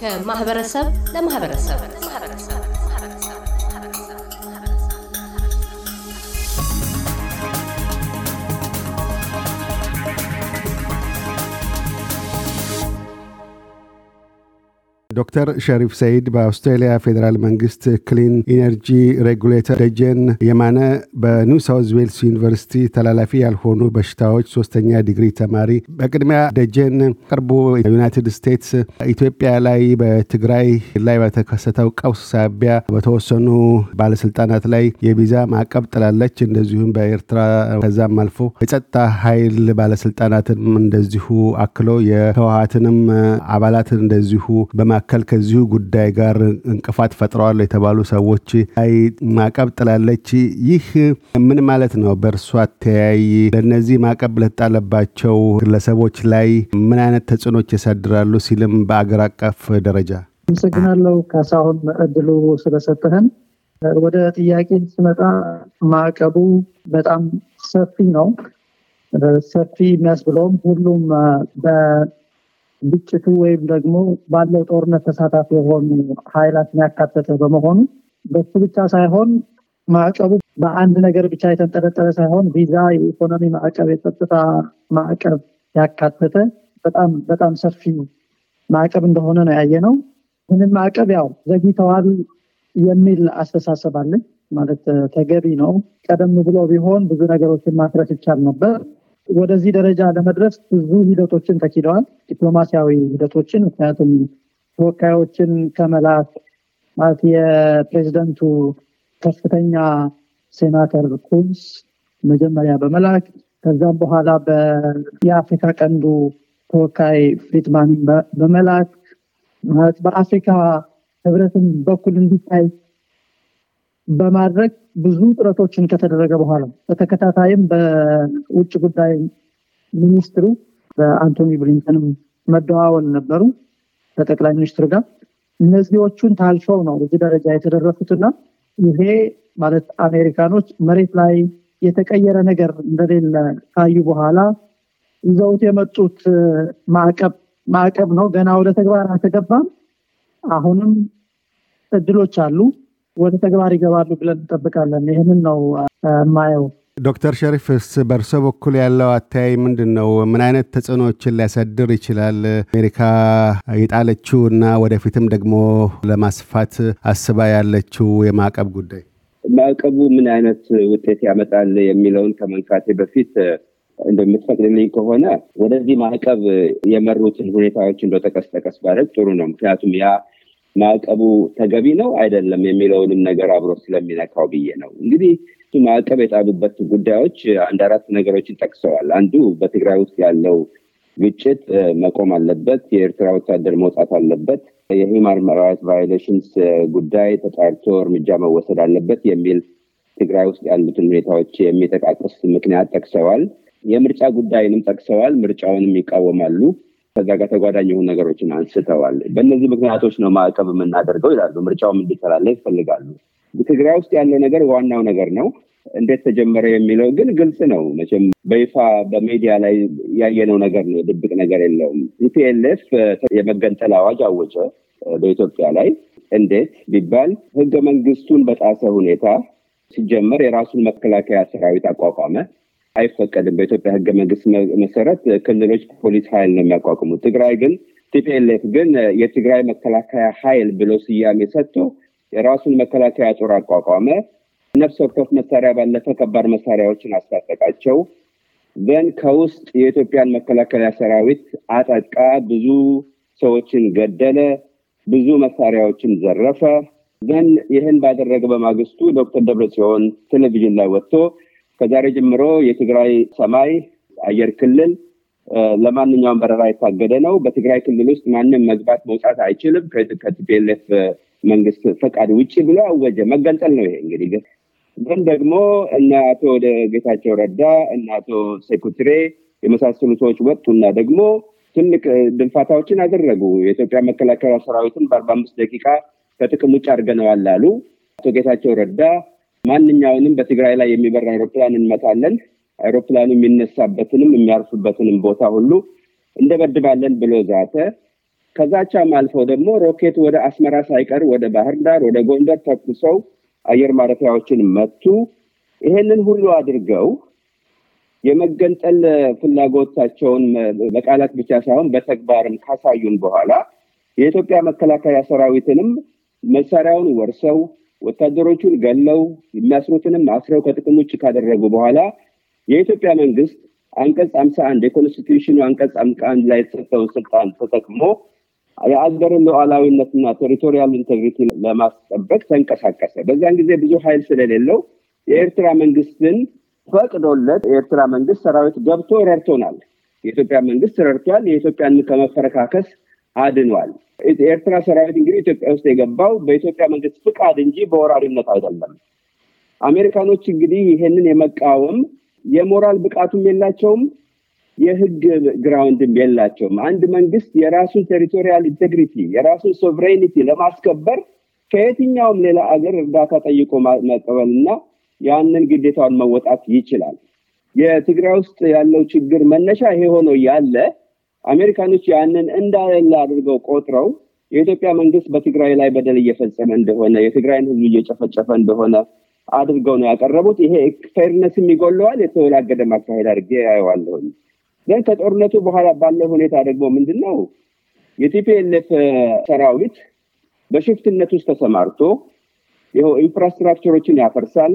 ከማህበረሰብ ለማህበረሰብ ዶክተር ሸሪፍ ሰይድ በአውስትራሊያ ፌዴራል መንግስት ክሊን ኢነርጂ ሬጉሌተር፣ ደጀን የማነ በኒው ሳውዝ ዌልስ ዩኒቨርሲቲ ተላላፊ ያልሆኑ በሽታዎች ሶስተኛ ዲግሪ ተማሪ። በቅድሚያ ደጀን፣ ቅርቡ ዩናይትድ ስቴትስ ኢትዮጵያ ላይ በትግራይ ላይ በተከሰተው ቀውስ ሳቢያ በተወሰኑ ባለስልጣናት ላይ የቪዛ ማዕቀብ ጥላለች። እንደዚሁም በኤርትራ ከዛም አልፎ የጸጥታ ኃይል ባለስልጣናትንም እንደዚሁ አክሎ የህወሀትንም አባላትን እንደዚሁ በማ መካከል ከዚሁ ጉዳይ ጋር እንቅፋት ፈጥረዋል የተባሉ ሰዎች ላይ ማዕቀብ ጥላለች። ይህ ምን ማለት ነው? በእርሷ አተያይ ለእነዚህ ማዕቀብ ለተጣለባቸው ግለሰቦች ላይ ምን አይነት ተጽዕኖች ያሳድራሉ? ሲልም በአገር አቀፍ ደረጃ አመሰግናለሁ ካሳሁን እድሉ ስለሰጠህን። ወደ ጥያቄ ስመጣ ማዕቀቡ በጣም ሰፊ ነው። ሰፊ የሚያስብለውም ሁሉም ግጭቱ ወይም ደግሞ ባለው ጦርነት ተሳታፊ የሆኑ ኃይላትን ያካተተ በመሆኑ በሱ ብቻ ሳይሆን ማዕቀቡ በአንድ ነገር ብቻ የተንጠለጠለ ሳይሆን ቪዛ፣ የኢኮኖሚ ማዕቀብ፣ የጸጥታ ማዕቀብ ያካተተ በጣም በጣም ሰፊ ማዕቀብ እንደሆነ ነው ያየ ነው። ምንም ማዕቀብ ያው ዘግይተዋል የሚል አስተሳሰብ አለን። ማለት ተገቢ ነው። ቀደም ብሎ ቢሆን ብዙ ነገሮችን ማስረት ይቻል ነበር። ወደዚህ ደረጃ ለመድረስ ብዙ ሂደቶችን ተኪደዋል። ዲፕሎማሲያዊ ሂደቶችን ምክንያቱም ተወካዮችን ከመላክ ማለት የፕሬዚደንቱ ከፍተኛ ሴናተር ኩንስ መጀመሪያ በመላክ ከዛም በኋላ የአፍሪካ ቀንዱ ተወካይ ፍሪትማንን በመላክ ማለት በአፍሪካ ህብረትን በኩል እንዲታይ በማድረግ ብዙ ጥረቶችን ከተደረገ በኋላ በተከታታይም በውጭ ጉዳይ ሚኒስትሩ በአንቶኒ ብሊንከንም መደዋወል ነበሩ ከጠቅላይ ሚኒስትሩ ጋር። እነዚዎቹን ታልፈው ነው እዚህ ደረጃ የተደረሱትና ይሄ ማለት አሜሪካኖች መሬት ላይ የተቀየረ ነገር እንደሌለ ካዩ በኋላ ይዘውት የመጡት ማዕቀብ ማዕቀብ ነው። ገና ወደ ተግባር አልተገባም። አሁንም እድሎች አሉ። ወደ ተግባር ይገባሉ ብለን እንጠብቃለን። ይህንን ነው የማየው። ዶክተር ሸሪፍስ በእርሶ በኩል ያለው አተያይ ምንድን ነው? ምን አይነት ተጽዕኖዎችን ሊያሳድር ይችላል? አሜሪካ የጣለችው እና ወደፊትም ደግሞ ለማስፋት አስባ ያለችው የማዕቀብ ጉዳይ ማዕቀቡ ምን አይነት ውጤት ያመጣል የሚለውን ከመንካቴ በፊት እንደምትፈቅድልኝ ከሆነ ወደዚህ ማዕቀብ የመሩትን ሁኔታዎች እንደ ጠቀስ ባደርግ ጥሩ ነው። ምክንያቱም ያ ማዕቀቡ ተገቢ ነው አይደለም የሚለውንም ነገር አብሮ ስለሚነካው ብዬ ነው። እንግዲህ ማዕቀብ የጣሉበት ጉዳዮች አንድ አራት ነገሮችን ጠቅሰዋል። አንዱ በትግራይ ውስጥ ያለው ግጭት መቆም አለበት፣ የኤርትራ ወታደር መውጣት አለበት፣ የማን ራይት ቫዮሌሽንስ ጉዳይ ተጣርቶ እርምጃ መወሰድ አለበት የሚል ትግራይ ውስጥ ያሉትን ሁኔታዎች የሚጠቃቅስ ምክንያት ጠቅሰዋል። የምርጫ ጉዳይንም ጠቅሰዋል። ምርጫውንም ይቃወማሉ። ከዛ ጋር ተጓዳኝ የሆኑ ነገሮችን አንስተዋል። በእነዚህ ምክንያቶች ነው ማዕቀብ የምናደርገው ይላሉ። ምርጫውም እንዲተላለፍ ይፈልጋሉ። ትግራይ ውስጥ ያለ ነገር ዋናው ነገር ነው። እንዴት ተጀመረ የሚለው ግን ግልጽ ነው። መቼም በይፋ በሜዲያ ላይ ያየነው ነገር ነው። ድብቅ ነገር የለውም። ቲፒኤልኤፍ የመገንጠል አዋጅ አወጀ በኢትዮጵያ ላይ እንዴት ቢባል ህገ መንግስቱን በጣሰ ሁኔታ ሲጀመር የራሱን መከላከያ ሰራዊት አቋቋመ። አይፈቀድም። በኢትዮጵያ ህገ መንግስት መሰረት ክልሎች ፖሊስ ኃይል ነው የሚያቋቁሙት። ትግራይ ግን ቲፒኤልኤፍ ግን የትግራይ መከላከያ ኃይል ብሎ ስያሜ ሰጥቶ የራሱን መከላከያ ጦር አቋቋመ። ነፍስ ወከፍ መሳሪያ ባለፈ ከባድ መሳሪያዎችን አስታጠቃቸው። ዘን ከውስጥ የኢትዮጵያን መከላከያ ሰራዊት አጠቃ፣ ብዙ ሰዎችን ገደለ፣ ብዙ መሳሪያዎችን ዘረፈ። ዘን ይህን ባደረገ በማግስቱ ዶክተር ደብረጽዮን ቴሌቪዥን ላይ ወጥቶ ከዛሬ ጀምሮ የትግራይ ሰማይ አየር ክልል ለማንኛውም በረራ የታገደ ነው። በትግራይ ክልል ውስጥ ማንም መግባት መውጣት አይችልም ከቲፒኤልኤፍ መንግስት ፈቃድ ውጭ ብሎ አወጀ። መገንጠል ነው ይሄ እንግዲህ። ግን ደግሞ እነ አቶ ጌታቸው ረዳ እነ አቶ ሴኩትሬ የመሳሰሉ ሰዎች ወጡና ደግሞ ትልቅ ድንፋታዎችን አደረጉ። የኢትዮጵያ መከላከያ ሰራዊትን በአርባ አምስት ደቂቃ ከጥቅም ውጭ አድርገነዋል አሉ አቶ ጌታቸው ረዳ ማንኛውንም በትግራይ ላይ የሚበር አይሮፕላን እንመታለን፣ አይሮፕላኑ የሚነሳበትንም የሚያርፍበትንም ቦታ ሁሉ እንደበድባለን ብሎ ዛተ። ከዛቻም አልፈው ደግሞ ሮኬት ወደ አስመራ ሳይቀር ወደ ባህር ዳር፣ ወደ ጎንደር ተኩሰው አየር ማረፊያዎችን መቱ። ይሄንን ሁሉ አድርገው የመገንጠል ፍላጎታቸውን በቃላት ብቻ ሳይሆን በተግባርም ካሳዩን በኋላ የኢትዮጵያ መከላከያ ሰራዊትንም መሳሪያውን ወርሰው ወታደሮቹን ገለው የሚያስሩትንም አስረው ከጥቅም ውጭ ካደረጉ በኋላ የኢትዮጵያ መንግስት አንቀጽ አምሳ አንድ የኮንስቲቱሽኑ አንቀጽ አምሳ አንድ ላይ የተሰጠውን ስልጣን ተጠቅሞ የአገርን ሉዓላዊነትና ቴሪቶሪያል ኢንቴግሪቲ ለማስጠበቅ ተንቀሳቀሰ። በዚያን ጊዜ ብዙ ኃይል ስለሌለው የኤርትራ መንግስትን ፈቅዶለት የኤርትራ መንግስት ሰራዊት ገብቶ ረድቶናል። የኢትዮጵያ መንግስት ረድቷል። የኢትዮጵያን ከመፈረካከስ አድኗል። ኤርትራ ሰራዊት እንግዲህ ኢትዮጵያ ውስጥ የገባው በኢትዮጵያ መንግስት ፍቃድ እንጂ በወራሪነት አይደለም። አሜሪካኖች እንግዲህ ይሄንን የመቃወም የሞራል ብቃቱም የላቸውም፣ የህግ ግራውንድም የላቸውም። አንድ መንግስት የራሱን ቴሪቶሪያል ኢንቴግሪቲ የራሱን ሶቨሬኒቲ ለማስከበር ከየትኛውም ሌላ አገር እርዳታ ጠይቆ መቀበልና ያንን ግዴታውን መወጣት ይችላል። የትግራይ ውስጥ ያለው ችግር መነሻ ይሄ ሆኖ ያለ አሜሪካኖች ያንን እንዳለ አድርገው ቆጥረው የኢትዮጵያ መንግስት በትግራይ ላይ በደል እየፈጸመ እንደሆነ የትግራይን ህዝብ እየጨፈጨፈ እንደሆነ አድርገው ነው ያቀረቡት። ይሄ ፌርነስም ይጎለዋል። የተወላገደ ማካሄድ አድርጌ ያየዋለሁኝ። ግን ከጦርነቱ በኋላ ባለው ሁኔታ ደግሞ ምንድን ነው የቲፒኤልኤፍ ሰራዊት በሽፍትነት ውስጥ ተሰማርቶ ይኸው ኢንፍራስትራክቸሮችን ያፈርሳል፣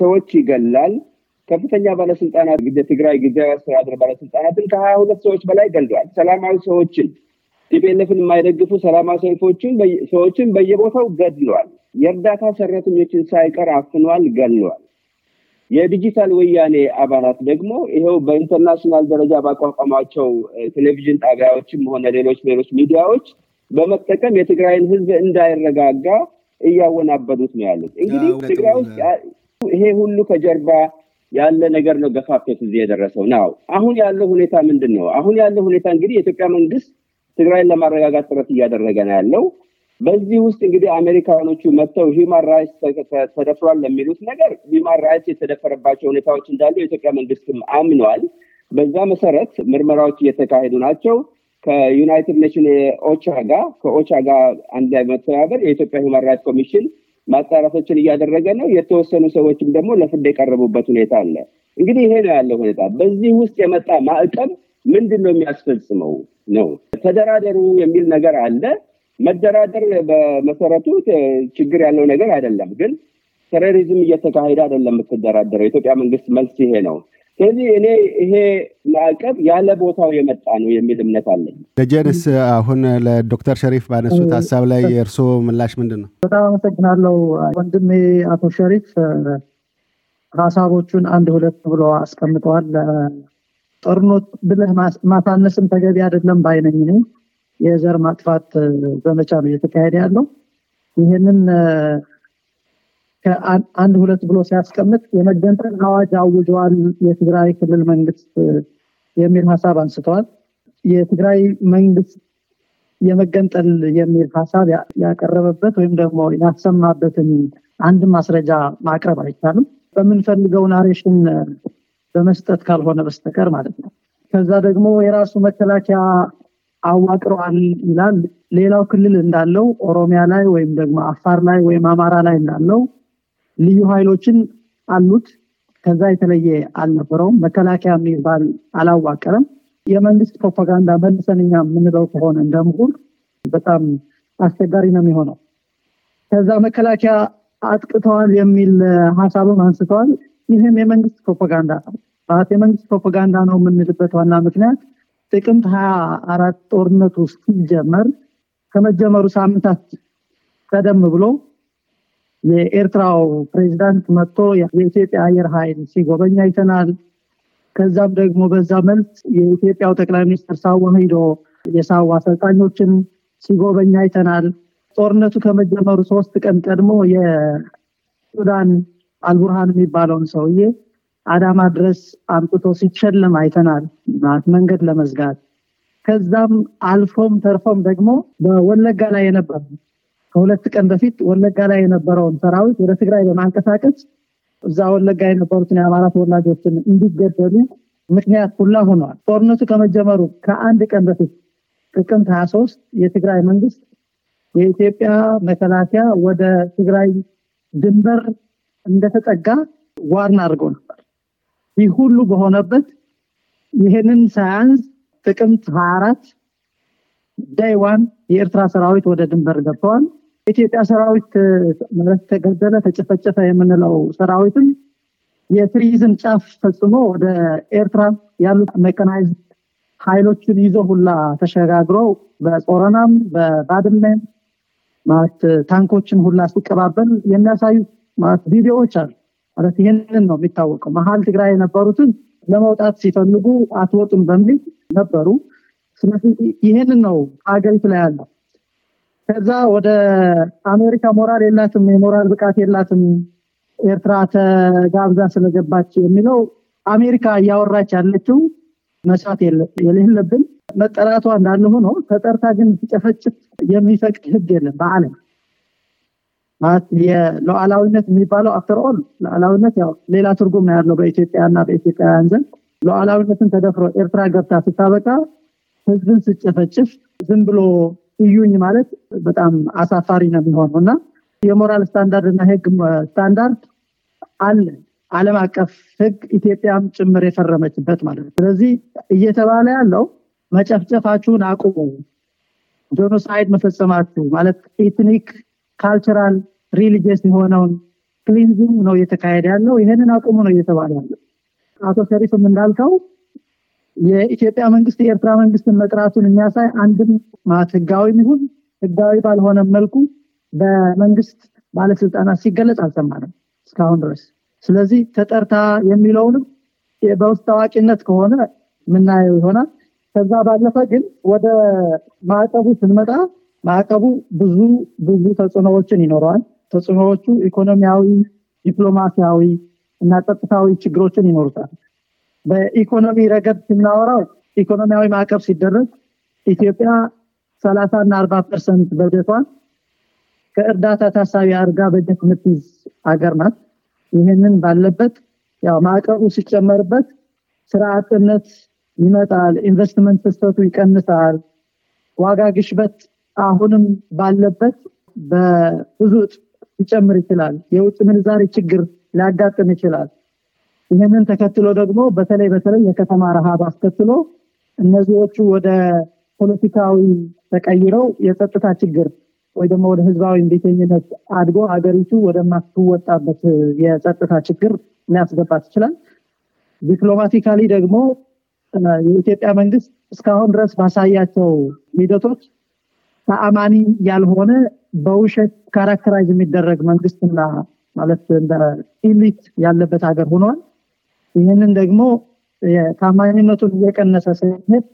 ሰዎች ይገላል፣ ከፍተኛ ባለስልጣናት የትግራይ ጊዜያዊ አስተዳደር ባለስልጣናትን ከሀያ ሁለት ሰዎች በላይ ገልጧል። ሰላማዊ ሰዎችን ቲፒኤልኤፍን የማይደግፉ ሰላማዊ ሰልፎችን ሰዎችን በየቦታው ገድሏል። የእርዳታ ሰራተኞችን ሳይቀር አፍኗል፣ ገድሏል። የዲጂታል ወያኔ አባላት ደግሞ ይኸው በኢንተርናሽናል ደረጃ ባቋቋማቸው ቴሌቪዥን ጣቢያዎችም ሆነ ሌሎች ሌሎች ሚዲያዎች በመጠቀም የትግራይን ህዝብ እንዳይረጋጋ እያወናበዱት ነው ያሉት። እንግዲህ ትግራይ ውስጥ ይሄ ሁሉ ከጀርባ ያለ ነገር ነው ገፋፍቶት እዚህ የደረሰው ና አሁን ያለው ሁኔታ ምንድን ነው? አሁን ያለው ሁኔታ እንግዲህ የኢትዮጵያ መንግስት ትግራይን ለማረጋጋት ጥረት እያደረገ ነው ያለው። በዚህ ውስጥ እንግዲህ አሜሪካኖቹ መጥተው ሂማን ራይትስ ተደፍሯል ለሚሉት ነገር ሂማን ራይትስ የተደፈረባቸው ሁኔታዎች እንዳሉ የኢትዮጵያ መንግስትም አምኗል። በዛ መሰረት ምርመራዎች እየተካሄዱ ናቸው። ከዩናይትድ ኔሽን ኦቻ ጋር ከኦቻ ጋር አንድ ላይ መተባበር የኢትዮጵያ ሂማን ራይትስ ኮሚሽን ማጣራቶችን እያደረገ ነው። የተወሰኑ ሰዎችም ደግሞ ለፍርድ የቀረቡበት ሁኔታ አለ። እንግዲህ ይሄ ነው ያለው ሁኔታ። በዚህ ውስጥ የመጣ ማዕቀብ ምንድን ነው የሚያስፈጽመው ነው። ተደራደሩ የሚል ነገር አለ። መደራደር በመሰረቱ ችግር ያለው ነገር አይደለም። ግን ቴሮሪዝም እየተካሄደ አይደለም የምትደራደረው። የኢትዮጵያ መንግስት መልስ ይሄ ነው። ስለዚህ እኔ ይሄ ማዕቀብ ያለ ቦታው የመጣ ነው የሚል እምነት አለኝ። ደጀንስ አሁን ለዶክተር ሸሪፍ ባነሱት ሀሳብ ላይ የእርስዎ ምላሽ ምንድን ነው? በጣም አመሰግናለሁ ወንድሜ አቶ ሸሪፍ ሀሳቦቹን አንድ ሁለት ብሎ አስቀምጠዋል። ጦርነት ብለህ ማሳነስም ተገቢ አይደለም ባይነኝ ነው። የዘር ማጥፋት ዘመቻ ነው እየተካሄደ ያለው ይህንን ከአንድ ሁለት ብሎ ሲያስቀምጥ የመገንጠል አዋጅ አውጀዋል የትግራይ ክልል መንግስት የሚል ሀሳብ አንስተዋል። የትግራይ መንግስት የመገንጠል የሚል ሀሳብ ያቀረበበት ወይም ደግሞ ያሰማበትን አንድ ማስረጃ ማቅረብ አይቻልም በምንፈልገው ናሬሽን በመስጠት ካልሆነ በስተቀር ማለት ነው። ከዛ ደግሞ የራሱ መከላከያ አዋቅረዋል ይላል። ሌላው ክልል እንዳለው ኦሮሚያ ላይ ወይም ደግሞ አፋር ላይ ወይም አማራ ላይ እንዳለው ልዩ ኃይሎችን አሉት። ከዛ የተለየ አልነበረውም። መከላከያ የሚባል አላዋቀረም። የመንግስት ፕሮፓጋንዳ መልሰንኛ የምንለው ከሆነ እንደ በጣም አስቸጋሪ ነው የሚሆነው። ከዛ መከላከያ አጥቅተዋል የሚል ሀሳብም አንስተዋል። ይህም የመንግስት ፕሮፓጋንዳ ነው። የመንግስት ፕሮፓጋንዳ ነው የምንልበት ዋና ምክንያት ጥቅምት ሀያ አራት ጦርነቱ ሲጀመር ከመጀመሩ ሳምንታት ቀደም ብሎ የኤርትራው ፕሬዚዳንት መጥቶ የኢትዮጵያ አየር ኃይል ሲጎበኝ አይተናል። ከዛም ደግሞ በዛ መልስ የኢትዮጵያው ጠቅላይ ሚኒስትር ሳዎ ሂዶ የሳዋ አሰልጣኞችን ሲጎበኝ አይተናል። ጦርነቱ ከመጀመሩ ሶስት ቀን ቀድሞ የሱዳን አልቡርሃን የሚባለውን ሰውዬ አዳማ ድረስ አምጥቶ ሲሸለም አይተናል መንገድ ለመዝጋት ከዛም አልፎም ተርፎም ደግሞ በወለጋ ላይ የነበረ ከሁለት ቀን በፊት ወለጋ ላይ የነበረውን ሰራዊት ወደ ትግራይ በማንቀሳቀስ እዛ ወለጋ የነበሩትን የአማራ ተወላጆችን እንዲገደሉ ምክንያት ሁላ ሆኗል። ጦርነቱ ከመጀመሩ ከአንድ ቀን በፊት ጥቅምት 23 የትግራይ መንግስት የኢትዮጵያ መከላከያ ወደ ትግራይ ድንበር እንደተጠጋ ዋርና አድርገው ነበር። ይህ ሁሉ በሆነበት ይህንን ሳያንስ ጥቅምት 24 ዳይዋን የኤርትራ ሰራዊት ወደ ድንበር ገብተዋል። የኢትዮጵያ ሰራዊት ምረት ተገደለ፣ ተጨፈጨፈ የምንለው ሰራዊትም የቱሪዝም ጫፍ ፈጽሞ ወደ ኤርትራ ያሉት ሜካናይዝ ኃይሎችን ይዞ ሁላ ተሸጋግሮ በጾረናም በባድመም ማለት ታንኮችን ሁላ ሲቀባበል የሚያሳዩ ማለት ቪዲዮዎች አሉ። ማለት ይህንን ነው የሚታወቀው። መሀል ትግራይ የነበሩትን ለመውጣት ሲፈልጉ አትወጡም በሚል ነበሩ። ስለዚህ ይህንን ነው ሀገሪቱ ላይ ያለው ከዛ ወደ አሜሪካ ሞራል የላትም የሞራል ብቃት የላትም ኤርትራ ተጋብዛ ስለገባች የሚለው አሜሪካ እያወራች ያለችው መስራት የሌለብን መጠራቷ እንዳለ ሆኖ ተጠርታ ግን ሲጨፈጭፍ የሚፈቅድ ህግ የለም በአለም ማለት የሉዓላዊነት የሚባለው አፍተር ኦል ሉዓላዊነት ያው ሌላ ትርጉም ነው ያለው በኢትዮጵያና በኢትዮጵያውያን ዘንድ ሉዓላዊነትን ተደፍሮ ኤርትራ ገብታ ስታበቃ ህዝብን ስጨፈጭፍ ዝም ብሎ እዩኝ ማለት በጣም አሳፋሪ ነው የሚሆነው እና የሞራል ስታንዳርድ እና ህግ ስታንዳርድ አለ አለም አቀፍ ህግ ኢትዮጵያም ጭምር የፈረመችበት ማለት ነው ስለዚህ እየተባለ ያለው መጨፍጨፋችሁን አቁሙ ጆኖሳይድ መፈጸማችሁ ማለት ኤትኒክ ካልቸራል ሪሊጅስ የሆነውን ክሊንዚንግ ነው እየተካሄደ ያለው ይህንን አቁሙ ነው እየተባለ ያለው አቶ ሸሪፍም እንዳልከው የኢትዮጵያ መንግስት የኤርትራ መንግስትን መጥራቱን የሚያሳይ አንድም ማለት ህጋዊ ይሁን ህጋዊ ባልሆነ መልኩ በመንግስት ባለስልጣናት ሲገለጽ አልሰማንም እስካሁን ድረስ። ስለዚህ ተጠርታ የሚለውንም በውስጥ ታዋቂነት ከሆነ የምናየው ይሆናል። ከዛ ባለፈ ግን ወደ ማዕቀቡ ስንመጣ ማዕቀቡ ብዙ ብዙ ተጽዕኖዎችን ይኖረዋል። ተጽዕኖዎቹ ኢኮኖሚያዊ፣ ዲፕሎማሲያዊ እና ጸጥታዊ ችግሮችን ይኖሩታል። በኢኮኖሚ ረገድ ስናወራው ኢኮኖሚያዊ ማዕቀብ ሲደረግ ኢትዮጵያ 30 እና አርባ ፐርሰንት በጀቷ ከእርዳታ ታሳቢ አድርጋ በጀት የምትይዝ አገር ናት። ይህንን ባለበት ያው ማዕቀቡ ሲጨመርበት ስራ ይመጣል፣ ኢንቨስትመንት ፍሰቱ ይቀንሳል፣ ዋጋ ግሽበት አሁንም ባለበት በብዙ ሊጨምር ይችላል፣ የውጭ ምንዛሪ ችግር ሊያጋጥም ይችላል። ይህንን ተከትሎ ደግሞ በተለይ በተለይ የከተማ ረሃብ አስከትሎ እነዚዎቹ ወደ ፖለቲካዊ ተቀይረው የጸጥታ ችግር ወይ ደግሞ ወደ ህዝባዊ እንቢተኝነት አድጎ ሀገሪቱ ወደማትወጣበት የጸጥታ ችግር ሊያስገባት ይችላል። ዲፕሎማቲካሊ ደግሞ የኢትዮጵያ መንግስት እስካሁን ድረስ ባሳያቸው ሂደቶች ተአማኒ ያልሆነ በውሸት ካራክተራይዝ የሚደረግ መንግስትና ማለት ኢሊት ያለበት ሀገር ሆኗል። ይህንን ደግሞ ታማኝነቱን እየቀነሰ ስሜት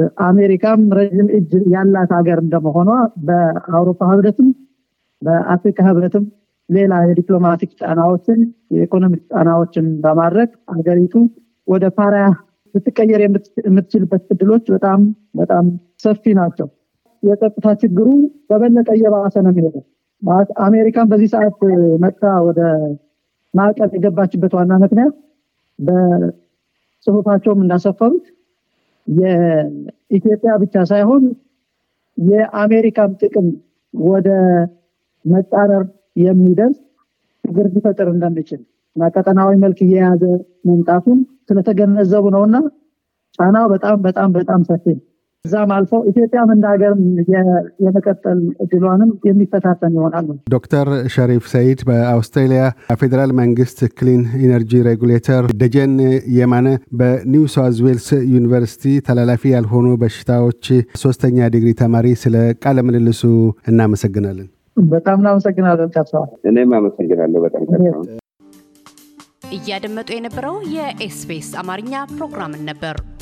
በአሜሪካም ረጅም እጅ ያላት ሀገር እንደመሆኗ በአውሮፓ ህብረትም በአፍሪካ ህብረትም ሌላ የዲፕሎማቲክ ጫናዎችን የኢኮኖሚክ ጫናዎችን በማድረግ ሀገሪቱ ወደ ፓሪያ ልትቀየር የምትችልበት እድሎች በጣም በጣም ሰፊ ናቸው የጸጥታ ችግሩ በበለጠ እየባሰ ነው የሚሄደው አሜሪካን በዚህ ሰዓት መጥታ ወደ ማዕቀብ የገባችበት ዋና ምክንያት በጽሁፋቸውም እንዳሰፈሩት የኢትዮጵያ ብቻ ሳይሆን የአሜሪካም ጥቅም ወደ መጻረር የሚደርስ ችግር ሊፈጥር እንደሚችል እና ቀጠናዊ መልክ እየያዘ መምጣቱን ስለተገነዘቡ ነውእና ጫናው በጣም በጣም በጣም ሰፊ ነው። እዛም አልፈው ኢትዮጵያም እንደ ሀገር የመቀጠል እድሏንም የሚፈታተን ይሆናል። ዶክተር ሸሪፍ ሰይድ በአውስትራሊያ ፌዴራል መንግስት ክሊን ኢነርጂ ሬጉሌተር፣ ደጀን የማነ በኒው ሳውዝ ዌልስ ዩኒቨርሲቲ ተላላፊ ያልሆኑ በሽታዎች ሶስተኛ ዲግሪ ተማሪ፣ ስለ ቃለ ምልልሱ እናመሰግናለን። በጣም እናመሰግናለን ከሰዋል እኔም አመሰግናለሁ በጣም ካሳሁን። እያደመጡ የነበረው የኤስቢኤስ አማርኛ ፕሮግራምን ነበር።